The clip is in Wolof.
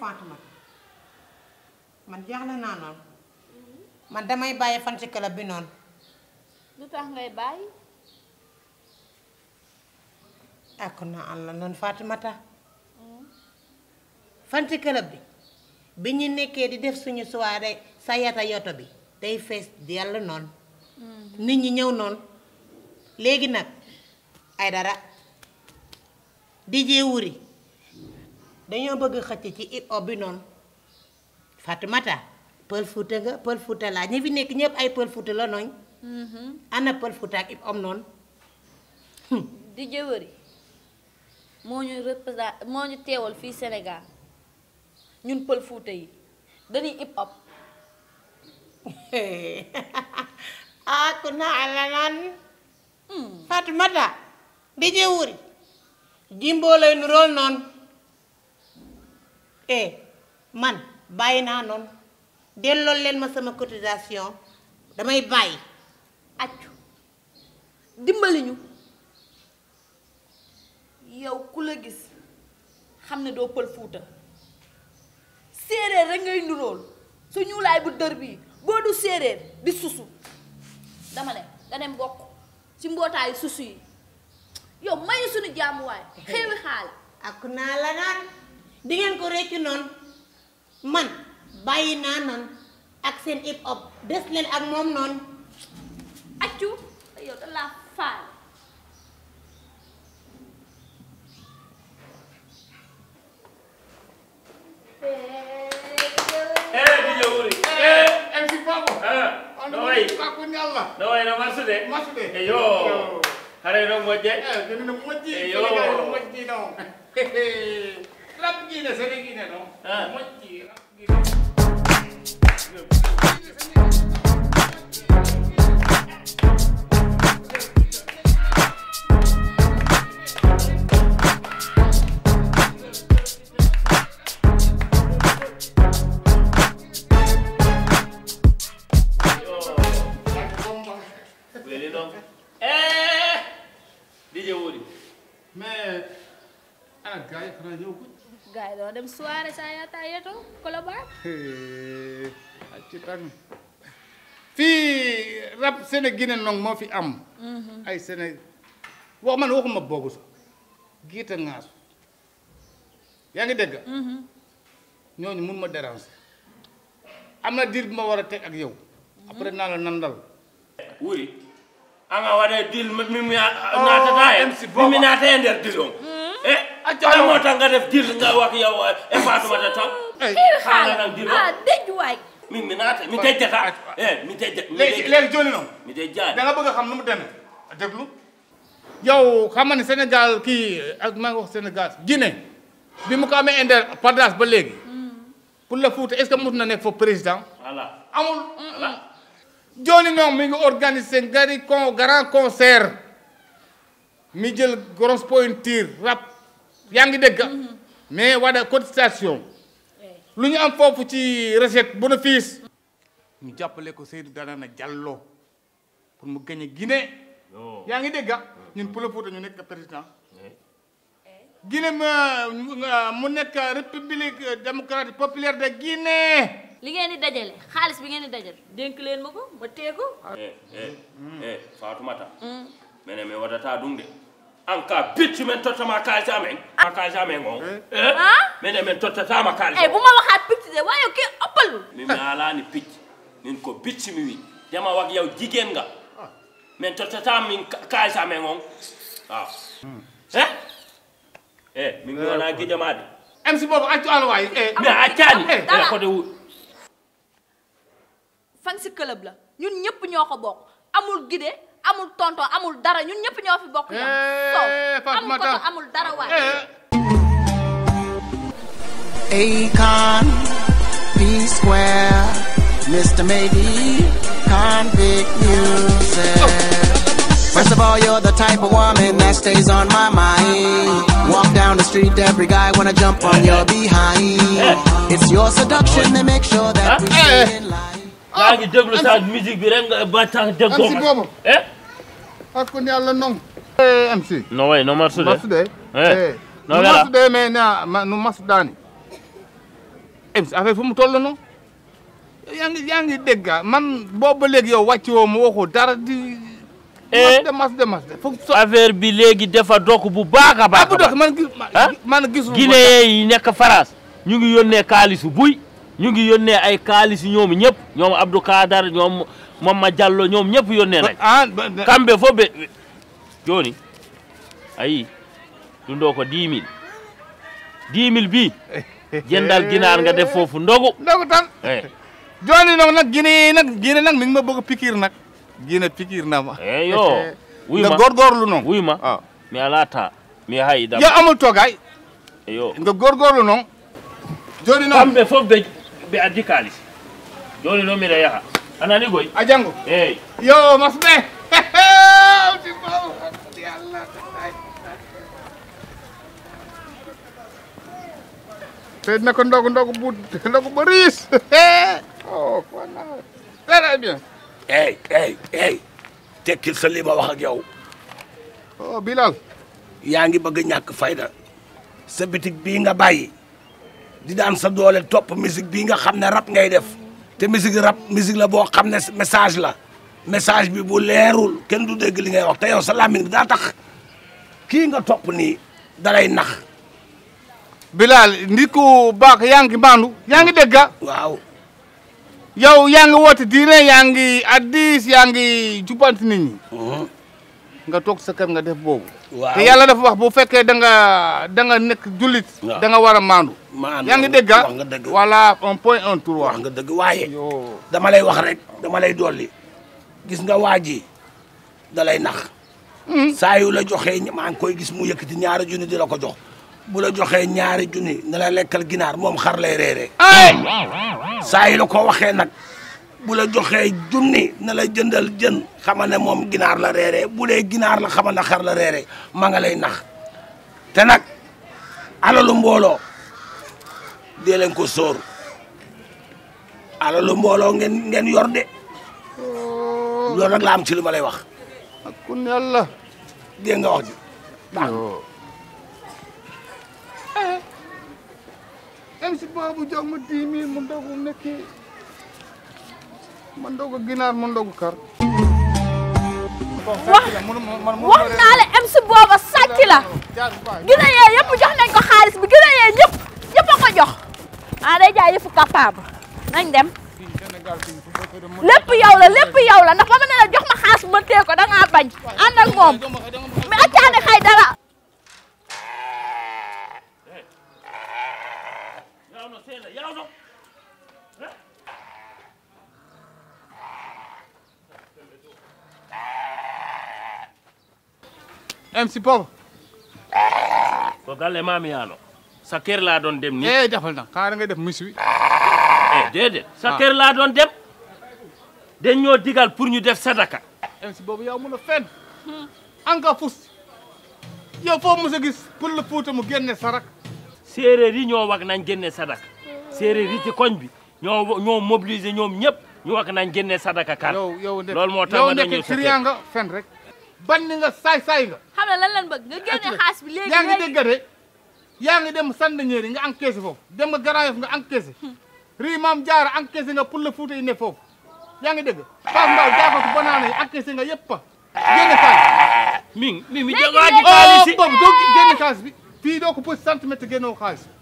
Faatumata man jaaxle naa noonu man damay bàyyi fan ci club bi noonu lu tax ngay bàyyi ak na am la noonu Faatumata hmm. fan ci club bi bi ñu nekkee di def suñu soirée sa yata yoto bi day fees di yàlla noonu hmm. nit ñi ñëw noonu léegi nag ay dara DJ Wuri dañoo bëgg xëcc ci hip hop bi noonu Fatoumata pël Fuuta nga pël Fuuta laa ñi fi nekk ñëpp ay pël Fuuta la nooñ mm-hmm. ana pël Fuuta ak hip hop noonu hmm. di jëwëri moo ñu représent moo ñu teewal fii Sénégal ñun pël Fuuta yi dañuy hip hop ah na ala naan hmm. Fatoumata jëwëri jimboo lay nu rool eh man bàyyi naa noonu delloo leen ma sama cotisation damay bàyyi accu dimbali ñu yow ku la gis xam ne doo pël fuuta séeréer rek ngay nuróol su ñuulaay bu dër bii boo du séeréer di susu dama ne nga dem bokk ci mbootaay susu yi yow mayu suñu jaamuwaay xewi xaal ak naa la naan di ngeen ko réccu noonu man bàyyi naa noonu ak seen hip hop des leen ak moom noonu accu yow da eh, eh, eh. oh, na masu de masu de eh yo 랍기네 세력이네 너. 응. 멋지 랍기. doo dem soirée saa yaa taayeetu Colobane. fii rab Séné Guinée noonu moo fi am. ay Séné wax man waxuma boobu sax giita ŋaasu yaa ngi dégg. ñooñu mun ma déranger am na diir bi ma war a teg ak yow. après naa la nandal. wuri anga waɗa dil mi mi naatata hen mimi naata e nder dilon joxe moo tax nga def diir nga wax yow effaatuma de tam. diir xaaral ah denc mi mi naata bëgg a xam nu mu demee déglu. yow xam nga ne Sénégal kii ak maa wax Sénégal Guinée bi mu ko amee indépendance ba léegi. Mm. pour la Fouta est-ce que mut na nekk foofu président. voilà amul. voilà. jooni noonu mi concert mi jël grosse pointure rap. yaa ngi dégg mm-hmm. mais wada cotisation eh. lu ñu am foofu ci recette bénéfice ñu jàppale ko Seydou Dana Diallo pour mu gagné Guinée oh. yaa ngi dégg mm-hmm. ñun Pël Fuuta ñu nekk président eh. Guinée mu nekk république démocratique populaire de Guinée li ngeen di dajale xaalis bi ngeen di dajale dénk leen ma ko ba tee ko eh, mm. Fatoumata mene mm. mi wadata ɗum de an ka bitch men tottama kaalisi amen a kaalisi amen on minen min tottatama kaalisi eyi boma waha picci de wayo ke oppalu mimi alani picci min ko bitch mi wi dema wak yaw jiguen nga ah. min min kaalisi amen on waaw e e min mi wona guijamade mc bobo accu an wawi e mi accani e eh, kode eh, wuuɗi fansi club la ñun ñëpp ñoo ko bokk amul guidé amul tonton amul dara ñun ñëpp ñoo fi bokk yam eh, so amul koto amul dara waay eh. Akon P Square Mr. Maybe Convict Music First of all, you're the type of woman that stays on my mind. Walk down the street, every guy wanna jump on your behind. It's your seduction that makes sure that we eh. stay in line. yaa ngi déglu sa musique bi rek nga ba tax dégg ko. am si boobu. hakkunde allah eh, non no wayi no marsude marsude e no marsude mais na no marsuɗani mc affaire man booba léegi yow wàcci woo ma waxu dara di eh. bi léegi dafa dokk bu baax a baax bu dokk man ah? man gisul guinéen nekk France ñu ngi yónnee kaalisu buy ñu ngi yónnee ay kaalis ñoom ñëpp ñoom Abdou Kadar ñoom Mama Diallo ñoom ñëpp yónnee nañ ah, kamɓe fof ɓe jooni ayi ɗum ɗo ko 10 mille bi jendal ginaar nga def foofu ndogu ndogu tan eh. jooni noon nag gine nag gine ma bëgg pikiir nag gine pikiir na ma eyo eh, wuyma ah. eh, nga góorgóorlu noon wuyma mi alaa mi hay dam yo amul toogaay nga góorgóorlu noon jooni fof ɓe ɓe addi kaalis joni noon mbiɗa yaha anani goy a janngo eyyi yo masɓe seydina ko ndogo ndogo bud ndogo boris o oh, kona très eh, eh, bien eyyi eyyi eyyi tekkil sa li ma wax ak yow oh, bilal yaa ngi bëgg ñàkk fayda sa bitig bii nga bàyyi di daan sa doole topp musique bii nga xam ne rab ngay def te musique rap musique la boo xam ne message la message bi bu leerul kenn du dégg li ngay wax te yow sa làmmiñ bi daa tax kii nga topp nii dalay nax Bilal ndi ku baax yaa ngi maandu yaa ngi dégg ah? waaw yow yaa ngi woote diine yaa ngi addis yaa ngi jubanti ñi mhm. nga toog sa kër nga def boobu. waaw te yàlla dafa wax bu fekkee danga nga da nga nekk jullit. da nga war a maandu. yaa ngi dégg ah voilà un point un tour wax ah. nga dëgg waaye. dama lay wax rek dama lay dolli. gis nga waa ji da lay nax. Hmm? saa yu la joxee maa ngi koy gis mu yëkkati ñaar junni di la ko jox. bu la joxee ñaari junni na la lekkal ginaar moom xar lay reeree. saa yu la ko waxee nag. bu la joxee junni na la jëndal jën xama ne moom ginaar la reeree bu dee ginaar la xama ne xar la reere ma nga lay nax te nag alalu mbooloo dee leen ko soor alalu mbooloo ngeen ngeen yor de oh. loolu nag la am ci li ma lay wax ak kun yàlla dégg nga wax ji baax MC eh. Babou jox ma dix mille mu ndaw mu nekkee man doog a ginaar man doog kar. wax wax naa la MC booba sàcc la. gina yee yëpp jox nañ ko xaalis bi gina yee ñëpp ñëpp a ko jox. ah day jaay yëfu capable nañ dem. lépp yow la lépp ndax ba ma ne jox ma xaalis bu ma bañ. ànd ak moom mais accaane xay dara. MC Pop. ko galle maamiyano sa kër laa doon dem nii. eh defal na nga def musiwi. eh déedéet sa ah. kër laa doon dem dañ ñoo digal pour ñu def sadaka. MC boobu yow mën a fen anga fus yow foo mos a gis pour le Fuuta mu génne sarak. séeréer yi ñoo wax nañ génne sadaka séeréer yi ci koñ bi ñoo ñoo mobiliser ñoom ñëpp ñu wax nañ génne sadaka kan. yow yow nekk yow nekk banni nga saay saay nga. xam nga lan lan bëgg nga génne xaalis bi yaa ngi de yaa ngi dem Sandiniéry nga encaissé foofu dem nga Grand Yoff nga encaissé. rii maam jaara encaissé nga pour le Fouta yi ne foofu yaa ngi dégg. Pape Mbaw jaafatu banaana yi encaissé nga yëpp pa génne xaalis. mi mi mi jéem a ji oh, bi fii doo ko posé centimètre génnoo xaalis.